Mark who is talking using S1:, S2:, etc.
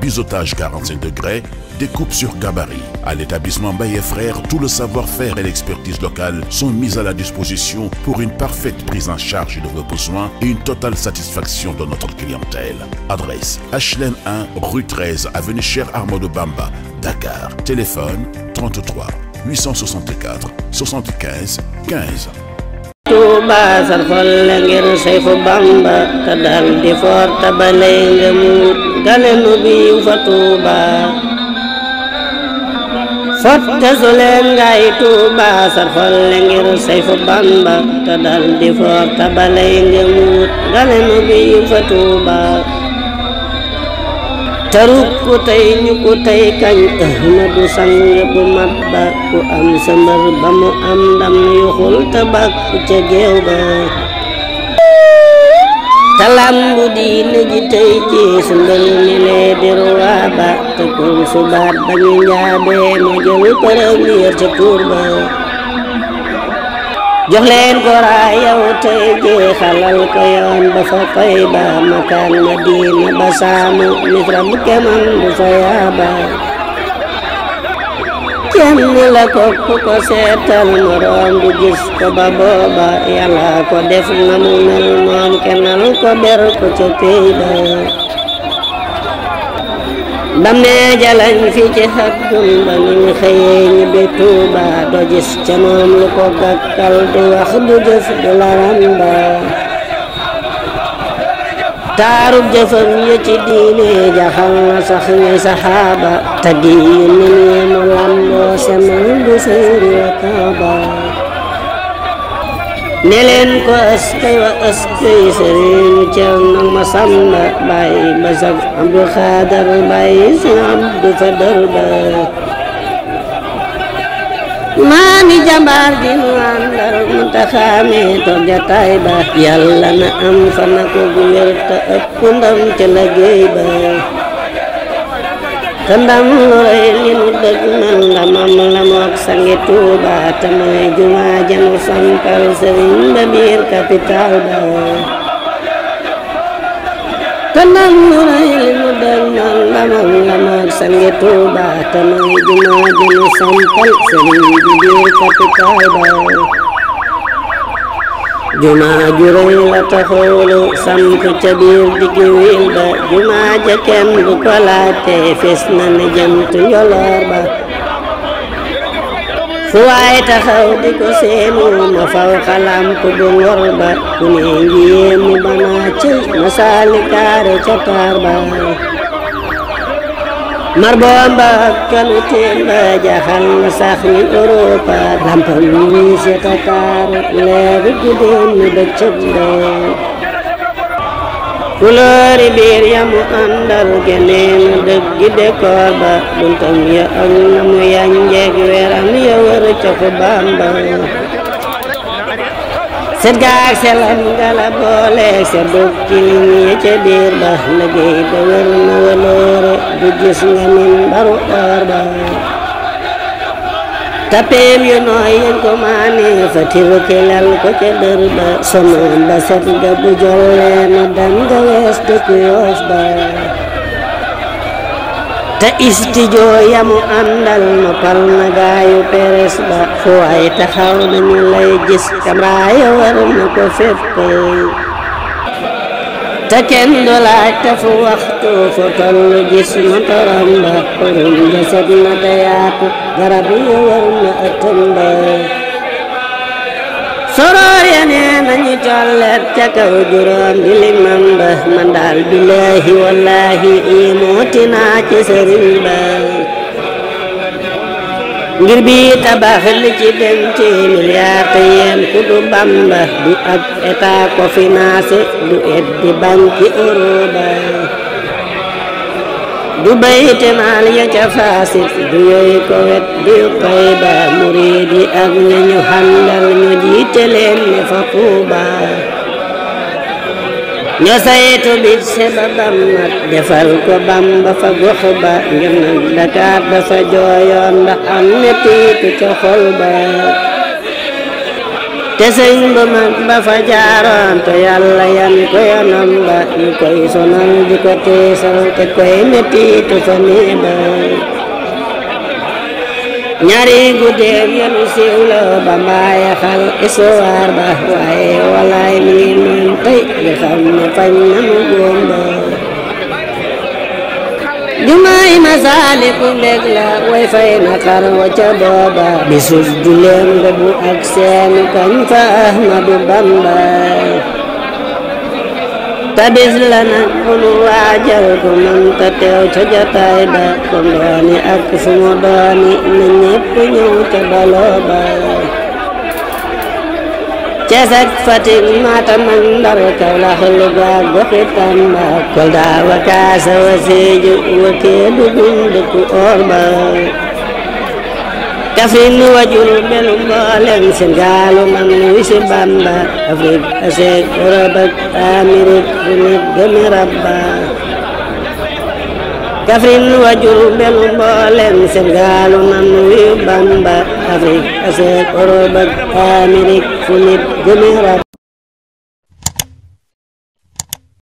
S1: biseautage 45 degrés, découpe sur gabarit. À l'établissement Baye Frères, tout le savoir-faire et l'expertise locale sont mis à la disposition pour une parfaite prise en charge de vos besoins et une totale satisfaction de notre clientèle. Adresse HLM 1, rue 13, avenue Cheikh Amadou Bamba, Dakar. Téléphone
S2: tuuba sar xol la ngir Seexu Bamba te dal di foor te balay nga muut gane nu biiw fa tuuba fotte su leen ngay tuuba sar xol la ngir Seexu Bamba te dal di foor te balay nga muut gane nu biiw fa tuuba tënk ku tey ñu ku tey kañ ahmadu sang bu mat ba ku am sëmbër ba mu am ndam yu xul tabak ca géew ba talam bu diine ji tey ci su mi lee di ba te kon subaat ba ñu njaabee ma jël përëw ngir ca tuur jox leen koraa yow tey ko yoon ba fa koy makaan madina ba saamu misra bu keman bu fa yaaba kenn ko ku moroom du gis ko ba booba yàlla ko def na mu mel moom kennal ko ber ko ca bam ne jalañ fi ci xaddun ba nin xëyee ñibbi Tuuba do ca moom lu ko gàkkal du wax du jëf du laram ba taarub jëfam ya ci diine jaxal na sax ñuy saxaaba taggi yu ni mu lamboo semal du sëyri wa kaaba ne leen ko askay wa askay sëriñ Cerno Masamba Baay Basak Abdou Khadar Baay Sëriñ Abdou Fadar Ba maami jambaar ji mu àndal mu toog jataay ba yàlla na am fana ko gu wér ëpp ndam ca liggéey ba te ndam looy li nu dëgg man ndamam la mook sangi Tuuba te mooy jumaa janu sampal sëriñ ba biir capital ba jumaa ju rëy la taxawlu samp ca biir diggi ba jumaa ja kenn du ko laajte na ne jant njoloor ba fu waay taxaw di ko seenu ma faw xalamp bu ngor ba ku ne ngi ba naa ci ma saali kaare ca taar ba mar boo mbakkal teen ba jaxal sax ni Europa lampam yi si tataar leeru guddeen ni bëccëg bee kuloori biir ya mu àndal geneen dëggi dékoor ba buntam ya ak mu yañ weeram ya wër cofu Bamba set gaag selam nga la boole set dug kilim yi ca biir ba liggéey ba wër na waloore du gis nga min baru door ba tapeem yu nooy yen ko maane fa tiru kilal ko ca dër ba sonoon ba set ga bu jolle na dam nga wees dëkk yoos ba te istijoo yamu àndal noppal na gaayu peres ba fu waay taxaw nañu lay gis kamraaya war na ko fépp te kenn du laaj te fu waxtu fu toll gis na toram ba xurum garab ya war na ëttam ba soroo ñi tolleet ca kaw juróom di limam ba man daal billaahi wallaahi i mootina ci sëriñ ba ngir bi tabax li ci dem ci milliard te yéen ku du Bamba du ab état ko financé du et di banque du bayti maal ya faasit du yooyu ko wet du tayba muriid yi ak ña ñu leen ne fa Tuuba ñu saytu bi sebabam nag defal ko Bamba fa gox ba ngir dafa jooyoon ndax am ne tiitu ca ba te sëñ ba mag ba fa jaaroon te yàlla yan ko yanam ba koy sonal di ko tiisal te koy metti tu nii ba ñaari guddeeg yanu siiw la ba mbaaya xal istuwaar ba waaye walaay mi ngi moom tey nga xam na mu góom jumaay Masaalikul bég la way fay na xar wa ca booba bisus juleem nga bu ak seen kañ fa Ahmadu Bamba tabis la nag lu waajal ko man ta teew ca jataay ba ko dooni ak fu mu dooni na ñépp ñëw ca baloo ba Cees ak Fatick Matam ak Ndar Kawlax Louga goxi Tamba Kaasa wa Sédhiou wa Kédougou dëkku or ba Kaffrine wa Diourbel mboolem man wi Bamba Afrique Asie Europe ak Amérique fu Rabba Kaffrine wa Diourbel mboolem Sénégalu wi Bamba Afrique Asie Europe ak Amérique fu